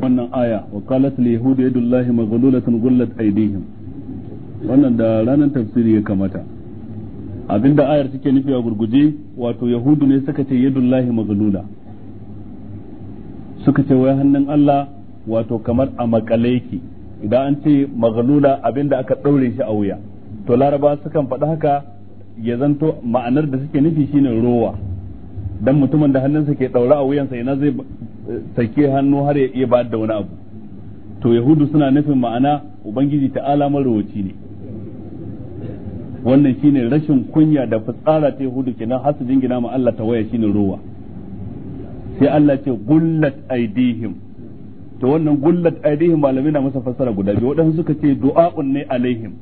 wannan aya wa qalat li yahud yadullahi maghlulatan ghullat aydihim wannan da ranar tafsiri ya kamata abinda ayar take nufi a gurguje wato yahudu ne suka ce yadullahi maghlula suka ce wai hannun Allah wato kamar a makale ki idan an ce maghlula abinda aka daure shi a wuya to laraba sukan faɗi haka ya zanto ma'anar da suke nufi shine rowa dan mutumin da hannunsa ke daura a wuyansa ina zai sake hannu har ya iya bayar da wani abu to yahudu suna nufin ma'ana ubangiji ta'ala marowaci ne wannan shine rashin kunya da fitsara ta yahudu kenan har su jingina ma Allah ta waya shine ruwa sai Allah ce gullat aidihim to wannan gullat aidihim malamin na masa fassara guda biyu wadansu suka ce du'a'un ne alaihim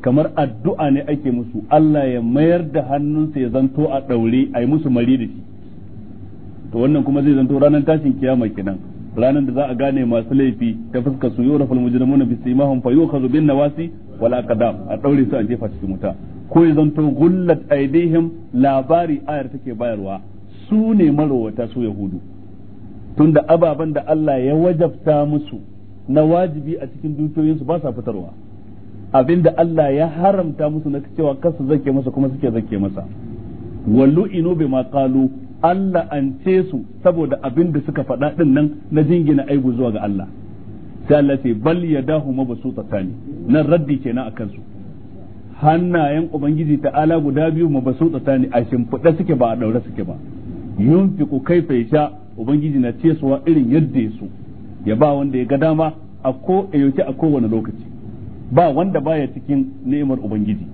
kamar addu'a ne ake musu Allah ya mayar da hannunsa ya zanto a daure a yi musu mari da shi to wannan kuma zai zanto ranar tashin kiyama kenan ranar da za a gane masu laifi ta fuskar su yura fal mujrimuna bi simahum fa yukhadhu bin nawasi wala aqdam a daure su a jefa cikin wuta ko ya zanto gullat aidihim labari ayar take bayarwa su ne marowata su yahudu tunda ababen da Allah ya wajabta musu na wajibi a cikin dukiyoyinsu ba sa fitarwa abinda Allah ya haramta musu na cewa kansu zake masa kuma suke zake masa wallu inu bi maqalu Allah an ce su saboda abinda suka faɗa din nan na jingina aibu zuwa ga Allah sai Allah ce bal yadahu mabsutatani nan raddi kenan akan su hannayen ubangiji ta ala guda biyu mabsutatani a shimfiɗa suke ba a daure suke ba yunfiqu kaifa yasha ubangiji na ce wa irin yadda ya so ya ba wanda ya ga dama a ko a yauke a kowane lokaci ba wanda baya cikin ni'imar ubangiji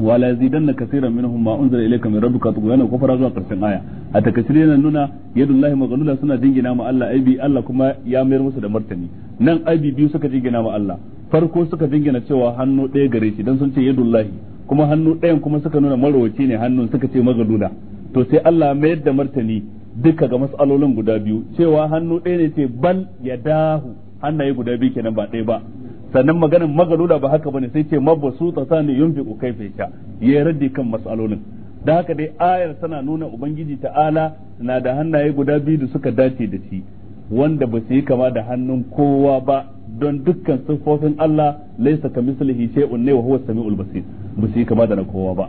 wala na kaseeran minhum ma unzila ilayka min rabbika tughyan wa zuwa karshen aya a takasir yana nuna yadullahi maghlula suna dingina ma Allah aibi Allah kuma ya mayar musu da martani nan aibi biyu suka dingina ma Allah farko suka dingina cewa hannu ɗaya gare shi dan sun ce yadullahi kuma hannu ɗayan kuma suka nuna marwaci ne hannun suka ce maghlula to sai Allah mayar da martani duka ga mas'alolin guda biyu cewa hannu ɗaya ne ce bal yadahu hannaye guda biyu kenan ba ɗaya ba sannan maganin magalula ba haka bane sai ce ne sani yunfiqu kai yasha ya raddi kan masalolin da haka dai ayar tana nuna ubangiji ta'ala na da hannaye guda biyu da suka dace da shi wanda ba su yi kama da hannun kowa ba don dukkan siffofin Allah laisa ka mislihi shay'un ne wa huwa samiul basir ba su yi kama da na kowa ba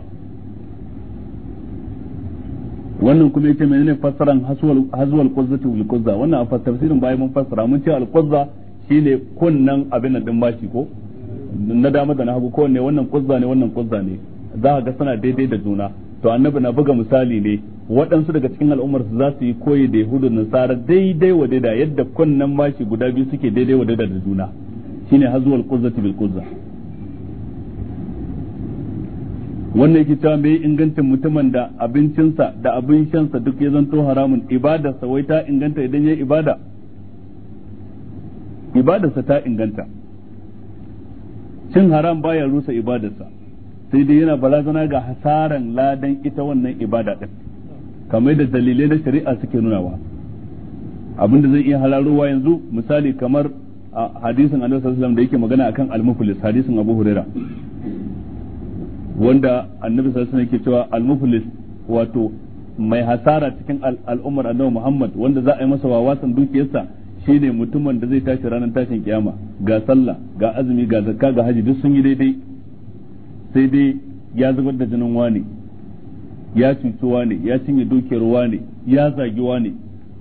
wannan kuma yake menene fassaran hazwal haswal quzzati wal qazza wannan a tafsirin bayan mun fassara mun ce al qazza shine kunnan abin nan din bashi ko na dama da na hagu kowanne wannan kuzza ne wannan kuzza ne za ka ga suna daidai da juna to annabi na buga misali ne waɗansu daga cikin al'ummar su za su yi koyi da yahudu nasara daidai wa daida yadda kunnan bashi guda biyu suke daidai wa daida da juna shine hazuwal kuzzati bil kuzza wannan yake cewa me ingancin mutumin da abincinsa da abin shansa duk ya zanto haramun ibadarsa wai ta inganta idan yayi ibada ibadarsa ta inganta cin haram baya rusa ibadarsa sai dai yana barazana ga hasaran ladan ita wannan ibada din kamar da dalilai na shari'a suke nunawa abinda zai iya halarowa yanzu misali kamar hadisin annabi sallallahu alaihi da yake magana akan al-muflis hadisin Abu Huraira wanda annabi sallallahu alaihi wasallam yake cewa al-muflis wato mai hasara cikin al'ummar annabi Muhammad wanda za a yi masa wawasan dukiyarsa shine mutumin da zai tashi ranar tashin kiyama ga sallah ga azumi ga zakka ga haji duk sun yi daidai sai dai ya zubar da jinin wani ya cuci wani ya cinye dukiyar wani ya zagi wani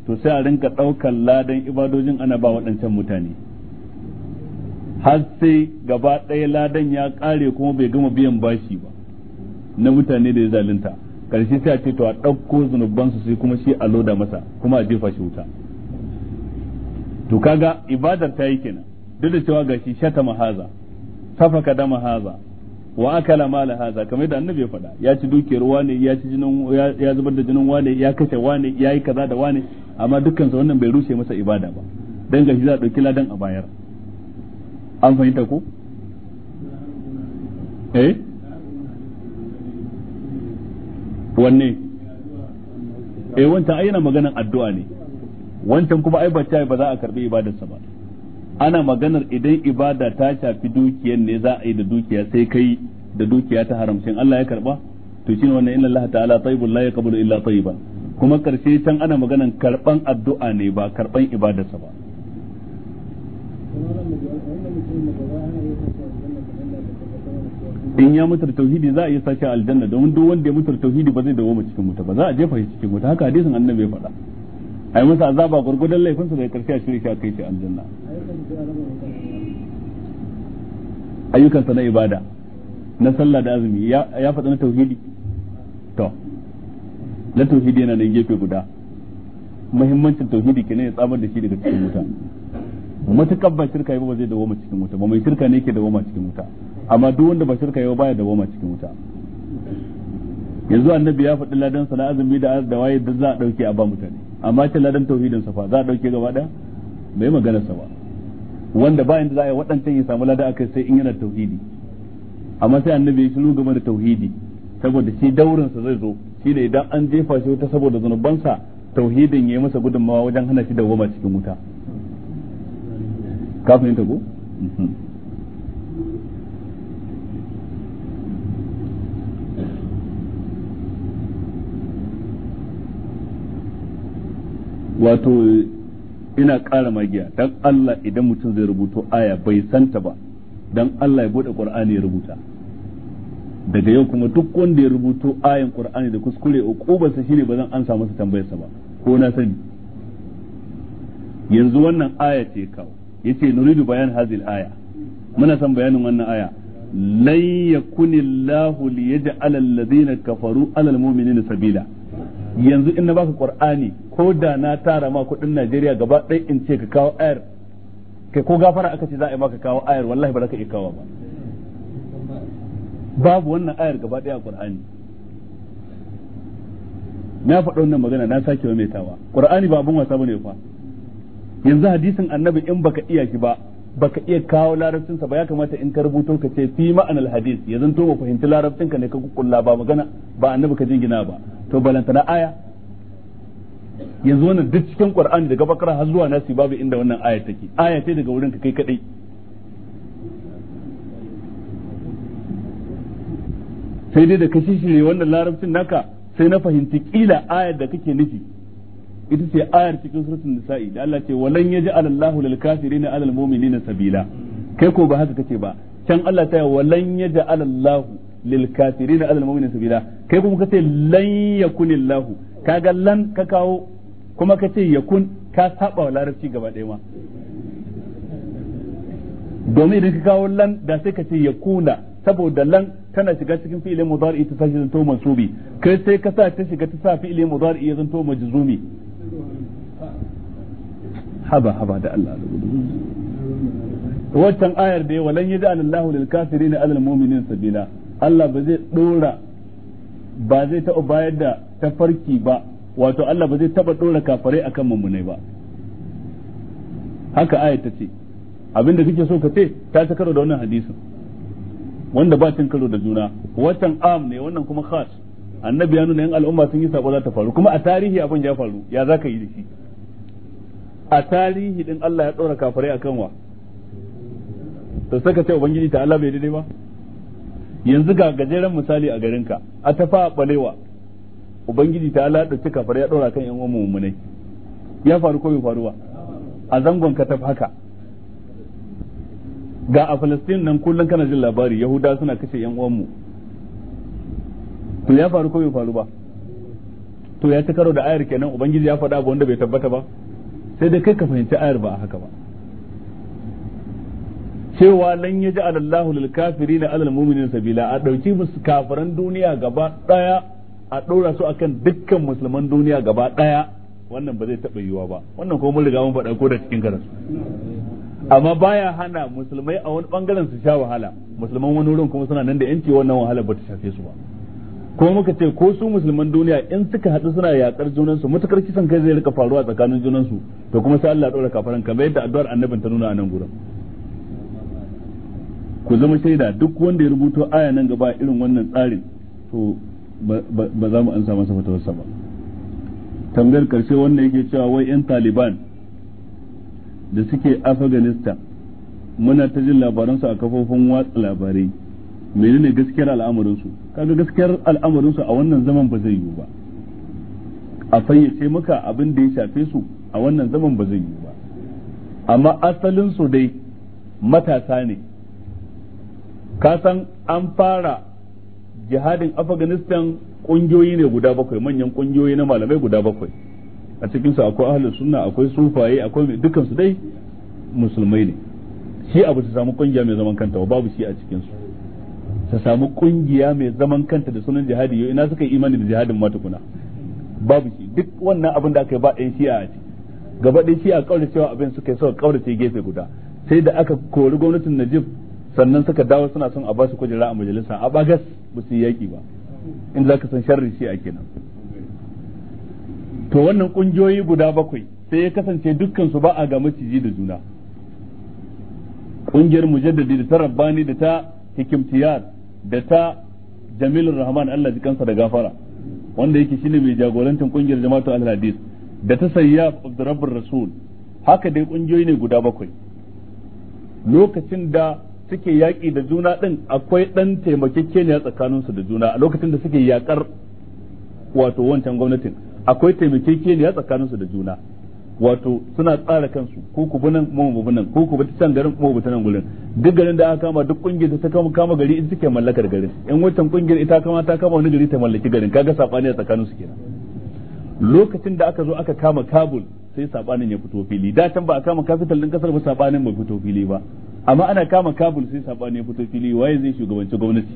to sai a rinka ɗaukan ladan ibadojin ana ba waɗancan mutane har sai gaba ɗaya ladan ya ƙare kuma bai gama biyan bashi ba na mutane da ya zalunta ƙarshe sai a ce to a ɗauko zunubansu sai kuma shi a loda masa kuma a jefa shi wuta to kaga ibadar ta yi kenan duk da cewa gashi shata mahaza safaka da mahaza wa akala mala haza kamar da annabi ya faɗa ya ci dukiyar wane ya ci jinin ya zubar da jinin wane ya kashe wane ya yi kaza da wane amma dukkan sa wannan bai rushe masa ibada ba dan gashi za a dauki ladan a bayar an fahimta ko eh wanne eh wancan ai yana maganar addu'a ne wancan kuma ai bacci ba za a karbi ibadarsa ba ana maganar idan ibada ta shafi dukiyar ne za a yi da dukiya sai kai da dukiya ta haramcin Allah ya karba to shine wannan inna Allah ta'ala tayyibul la yaqbalu illa tayyiban kuma karshe can ana maganar karban addu'a ne ba karban ibadarsa ba in ya mutar tauhidi za a yi sashi aljanna domin duk wanda ya mutar tauhidi ba zai dawo cikin mutu ba za a jefa shi cikin mutu haka hadisin annabi ya faɗa a yi masa azaba gurgudan su da karshe a shirya shi a kai shi aljanna ayyukansa na ibada na sallah da azumi ya faɗa na tauhidi to na tauhidi yana nan gefe guda muhimmancin tauhidi kenan ya tsamar da shi daga cikin wuta matukar ba shirka ba zai dawoma cikin wuta ba mai shirka ne ke dawoma cikin wuta amma duk wanda ba shirka ba baya dawoma cikin wuta yanzu annabi ya faɗi ladan sana'azumi da waye da za a ɗauke a ba mutane amma ce ladan tauhidin sa fa za a dauke gaba daya bai magana sa ba wanda ba inda za a yi waɗancan ya samu lada akai sai in yana tauhidi amma sai annabi ya shiru game da tauhidi saboda shi daurin sa zai zo shine idan an jefa shi wuta saboda zanubansa tauhidin yi masa gudunmawa wajen hana shi dawwama cikin wuta kafin ta go wato ina ƙara magiya don Allah idan mutum zai rubuto aya bai santa ba don Allah ya bude ƙur'ani ya rubuta daga yau kuma duk wanda ya rubuto ayan ƙur'ani da kuskure shi ne ba zan ansa masa tambayarsa ba ko na sani yanzu wannan aya ce kawo yace nuridu bayan hazil aya muna son bayanin wannan aya lahu yakuni ji liyaj'ala na kafaru alal mu'minina sabila yanzu in na baka qur'ani ko da na tara ma kudin Najeriya gaba ɗaya in ce ka kawo ayar kai ko gafara aka ce za a yi maka kawo ayar wallahi ba za ka iya kawo ba babu wannan ayar gaba ɗaya a qur'ani na faɗa wannan magana na sake wa tawa qur'ani ba abun wasa bane fa yanzu hadisin annabi in baka iya shi ba baka iya kawo larabcinsa ba ya kamata in ka rubuto ka ce fi ma'anar hadis ya zanto ba fahimci larabcin ne ka kulla ba magana ba annabi ka jingina ba to balanta na aya yanzu wannan duk cikin qur'ani daga bakara har zuwa nasi babu inda wannan aya take aya ce daga wurin ka kai kadai sai dai da ka shishire wannan larabcin naka sai na fahimci kila ayar da kake nufi ita ce ayar cikin suratul nisa'i da Allah ce walan yaj'al Allahu lil kafirina 'alal mu'minina sabila kai ko ba haka kace ba can Allah ta ya walan yaj'al Allahu lil kafirina 'alal mu'minina sabila kai kuma kace lan yakunillahu kaga lan ka kawo kuma kace yakun ka saba larabci gaba ɗaya ma domin idan ka kawo lan da sai ka ce yakuna saboda lan tana shiga cikin fi'ilin mudari ta sashi zanto mansubi kai sai ka sa ta shiga ta sa fi'ilin mudari ya zanto majzumi haba haba da Allah waccan ayar da walan da Allahu lil kafirin alal mu'minin sabila Allah ba zai dora ba zai taɓa bayar da tafarki ba wato Allah ba zai taɓa dora kafare akan mummunai ba haka ayar ta ce abinda kake so ka ce ta ta karo da wannan hadisin wanda ba cin karo da juna waccan am ne wannan kuma khas annabi ya nuna yan al'umma sun yi sako za ta faru kuma a tarihi abin ya faru ya zaka yi da shi a tarihi din Allah ya ɗora kafirai a kanwa to saka ce ubangiji ta Allah bai daidai ba yanzu ga gajeren misali a garinka a tafa balewa ubangiji ta Allah ya ɗauki kafirai ya ɗora kan yan uwan mummunai ya faru ko bai faruwa a zangon ka tafi haka ga a Falastin nan kullum kana jin labari Yahuda suna kashe yan uwanmu to ya faru ko bai faru ba to ya ci karo da ayar kenan ubangiji ya faɗa abu wanda bai tabbata ba sai dai kai ka fahimci ayar ba haka ba cewa lan yaji alallahu lil kafirina alal mu'minin sabila a dauki kafiran duniya gaba daya a dora su akan dukkan musulman duniya gaba daya wannan ba zai taba yiwa ba wannan ko mun riga mun faɗa ko da cikin karas amma baya hana musulmai a wani bangaren su sha wahala musulman wani wurin kuma suna nan da yanci wannan wahala ba ta shafe su ba ko muka ce ko su musulman duniya in suka haɗu suna yakar junansu matuƙar kisan kai zai rika faruwa tsakanin junansu to kuma sai Allah ɗora kafaran kamar yadda addu'ar annabin ta nuna a nan gurin ku zama shaida duk wanda ya rubuto aya nan gaba irin wannan tsarin to ba za mu ansa masa fatawarsa ba tambayar karshe wanda yake cewa wai yan taliban da suke afghanistan muna ta jin labaransu a kafofin watsa labarai menene gaskiyar al'amarin su kaga gaskiyar al'amarin su a wannan zaman ba zai yiwu ba a fayyace maka abin da ya shafe su a wannan zaman ba zai yiwu ba amma asalin dai matasa ne ka san an fara jihadin afghanistan kungiyoyi ne guda bakwai manyan kungiyoyi na malamai guda bakwai a cikinsu akwai ahlus sunna akwai sufaye akwai dukansu dai musulmai ne shi abu su samu kungiya mai zaman kanta babu shi a cikinsu ta samu kungiya mai zaman kanta da sunan jihadi yau ina suka yi imani da jihadin ma tukuna babu shi duk wannan abin da aka yi ba ɗan shi'a a ci gaba ɗan shi'a kaura cewa abin suka yi suka kaurace gefe guda sai da aka kori gwamnatin Najib sannan suka dawo suna son a ba su kujera a majalisa a bagas ba su yi yaƙi ba in za ka san sharri shi'a kenan to wannan kungiyoyi guda bakwai sai ya kasance dukkan su ba a ga maciji da juna ƙungiyar mujaddadi da ta rabbani da ta hikimtiyar da ta jamilun rahman Allah ji kansa da gafara wanda yake shine mai jagorantar kungiyar jama'atu al hadis da ta sayyaf abdurabbur rasul haka dai kungiyoyi ne guda bakwai lokacin da suke yaƙi da juna ɗin akwai ɗan taimakekeniya tsakaninsu da juna a lokacin da suke yaƙar wato wancan gwamnatin akwai taimakekeniya tsakaninsu da juna wato suna tsara kansu ko ku bunan mu mu bunan ko ku bi can garin mu bi nan gurin duk garin da aka kama duk kungiyar ta kama kama gari in suke mallakar garin in wancan kungiyar ita kama ta kama wani gari ta mallaki garin kaga sabani a tsakanin su kenan lokacin da aka zo aka kama Kabul sai sabanin ya fito fili da can ba a kama capital din kasar ba sabanin bai fito fili ba amma ana kama Kabul sai sabanin ya fito fili waye zai shugabanci gwamnati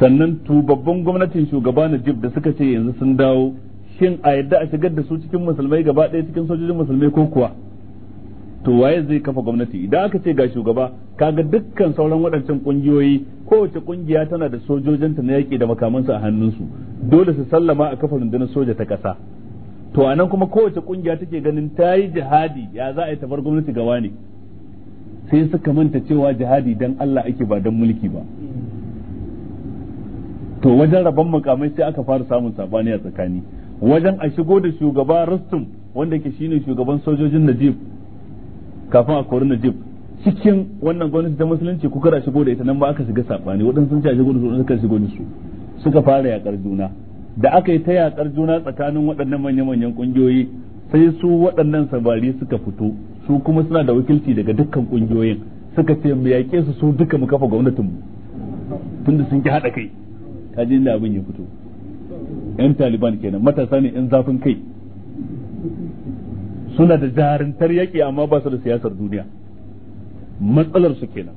sannan tubabban gwamnatin shugaba Najib da suka ce yanzu sun dawo shin a yadda a shigar da su cikin musulmai gaba ɗaya cikin sojojin musulmai ko kuwa to waye zai kafa gwamnati idan aka ce ga shugaba kaga dukkan sauran waɗancan ƙungiyoyi kowace ƙungiya tana da sojojinta na yaƙi da makamansu a hannunsu dole su sallama a kafa rundunar soja ta ƙasa to a nan kuma kowace ƙungiya take ganin ta yi jihadi ya za a yi tafar gwamnati gawa ne sai suka manta cewa jihadi dan Allah ake ba dan mulki ba to wajen rabon makamai sai aka fara samun sabani a tsakani wajen a shigo da shugaba Rustum wanda ke shine shugaban sojojin Najib kafin a kori Najib cikin wannan gwamnati ta musulunci kuka da shigo da ita nan ba aka shiga sabani waɗansu sun ce a shigo da su suka shigo da su suka fara yakar juna da aka yi ta yakar juna tsakanin waɗannan manya-manyan ƙungiyoyi sai su waɗannan sabari suka fito su kuma suna da wakilci daga dukkan ƙungiyoyin suka ce mu yaƙe su su duka mu kafa gwamnatin mu tunda sun ki haɗa kai kaji inda abin ya fito yan taliban kenan matasa ne yan zafin kai suna da jarintar yaƙi amma ba su da siyasar duniya matsalar su kenan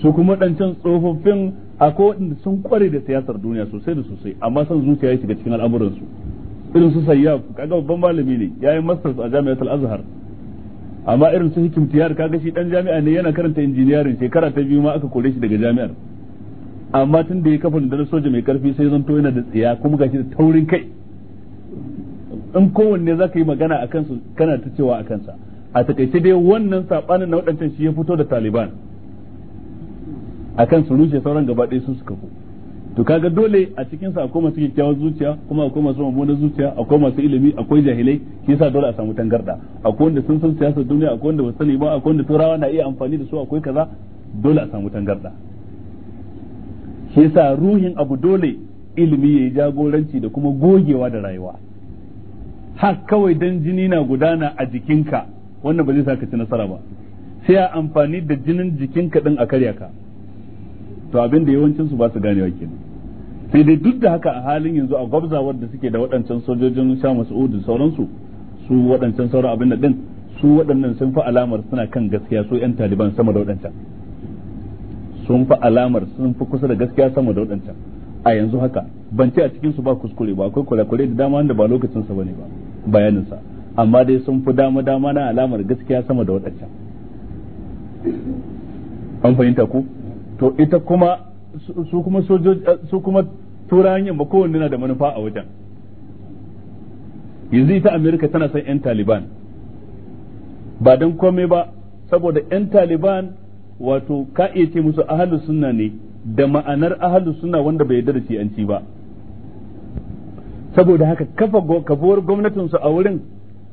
su kuma ɗancan tsofaffin akwai waɗanda sun kware da siyasar duniya sosai da sosai amma son zuciya ya shiga cikin al'amuransu irin su sayyaf kaga babban malami ne ya yi masters a jami'ar azhar amma irin su hikimtiyar kaga shi ɗan jami'a ne yana karanta injiniyarin shekara ta biyu ma aka kore shi daga jami'ar amma tun da ya kafa da soja mai karfi sai zanto yana da tsiya kuma shi da taurin kai in kowanne za ka yi magana a kansu kana ta cewa a kansa a takaice dai wannan sabanin na waɗancan shi ya fito da taliban a kan su rushe sauran gaba ɗaya su suka ko to kaga dole a cikin sa akwai masu kyakkyawar zuciya kuma akwai masu mummunar zuciya akwai masu ilimi akwai jahilai shi yasa dole a samu tangarda akwai wanda sun san siyasar duniya akwai wanda ba sani ba akwai wanda turawa na iya amfani da su akwai kaza dole a samu tangarda shi yasa ruhin abu dole ilimi yayi jagoranci da kuma gogewa da rayuwa har kawai dan jini na gudana a jikinka wannan ba zai sa ka ci nasara ba sai a amfani da jinin jikinka din a karya ka to abin da yawancin su ba su ganewa kenan sai dai duk da haka a halin yanzu a gwabza da suke da waɗancan sojojin sha mas'udu sauransu su waɗancan sauran abin da din su waɗannan sun fi alamar suna kan gaskiya su 'yan taliban sama da waɗancan sun fi alamar sun fi kusa da gaskiya sama da waɗancan a yanzu haka ban ce a cikin su ba kuskure ba akwai kurakure da dama wanda ba lokacin sa bane ba bayanin sa amma dai sun fi dama dama na alamar gaskiya sama da waɗancan an fahimta ku to ita kuma su kuma sojoji eh, su kuma turayen yamma kowanne na da manufa a wajen yanzu ita amerika tana son 'yan taliban ba don komai ba saboda 'yan taliban wato ka iya ce musu ahalus suna ne da ma'anar ahalus suna wanda bai yarda da an ci ba saboda haka kafa kafuwar gwamnatinsu a wurin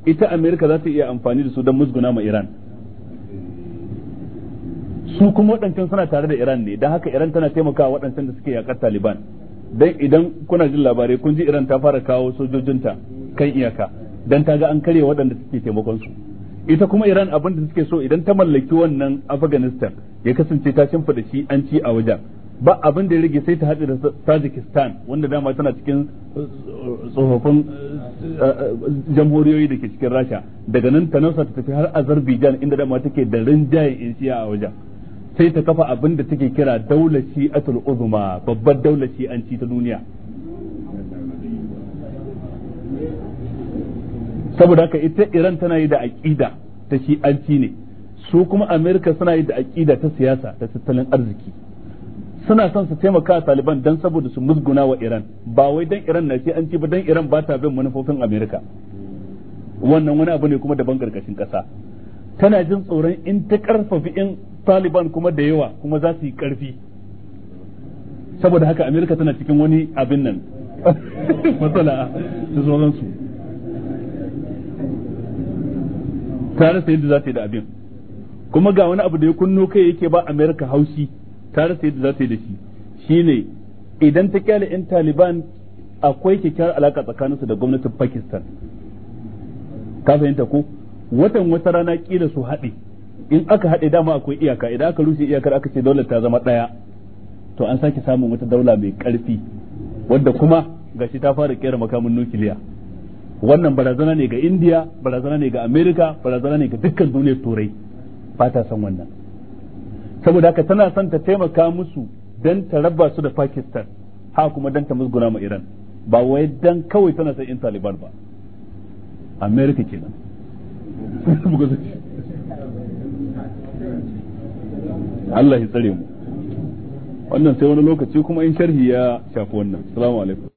ita Amerika za ta iya amfani da su don musguna ma Iran su kuma waɗancan suna tare da Iran ne don haka Iran tana taimakawa waɗancan da suke yakar Taliban dan idan kuna jin labarai kun ji Iran ta fara kawo sojojinta kan iyaka dan ta ga an karya waɗanda suke taimakon su ita kuma Iran abin da suke so idan ta mallaki wannan Afghanistan ya kasance ta shimfida shi an ci a wajen ba abin da ya rage sai ta haɗe da Tajikistan wanda dama tana cikin uh, tsofaffin uh, uh, jamhuriyoyi da ke cikin Rasha daga nan ta nausa ta tafi har Azerbaijan inda dama take da rinjaye in a wajen sai ta kafa abin da take kira daulaci atul uzma babbar an ci ta duniya saboda haka ita Iran tana yi da aqida ta shi'anci ne su kuma Amerika suna yi da aqida ta siyasa da tattalin arziki suna son su taimaka Taliban dan saboda su musguna wa Iran ba wai dan Iran na shi'anci ba dan Iran ba ta bin manufofin Amerika wannan wani abu ne kuma daban ƙarƙashin kasa tana jin tsoron in ta karfafi in Taliban kuma da yawa kuma za su yi karfi saboda haka Amerika tana cikin wani abin nan matsala ta su ta rasa yadda za ta yi da abin kuma ga wani abu da ya kunno kai yake ba america haushi ta rasa yadda za ta yi da shi shine idan ta kyale yan taliban akwai kyakkyawar alaka tsakaninsu da gwamnatin pakistan ka fahimta ko watan wata rana kila su haɗe in aka haɗe dama akwai iyaka idan aka rushe iyakar aka ce daular ta zama ɗaya to an sake samun wata daula mai ƙarfi wadda kuma gashi ta fara kera makamin nukiliya wannan barazana ne ga indiya barazana ne ga amerika barazana ne ga dukkan duniyar turai ba ta san wannan saboda haka tana son ta taimaka musu dan ta raba su da pakistan ha kuma dan ta musguna ma iran ba wai dan kawai tana son in taliban ba amerika kenan Allah ya tsare mu wannan sai wani lokaci kuma in sharhi ya shafi wannan assalamu alaikum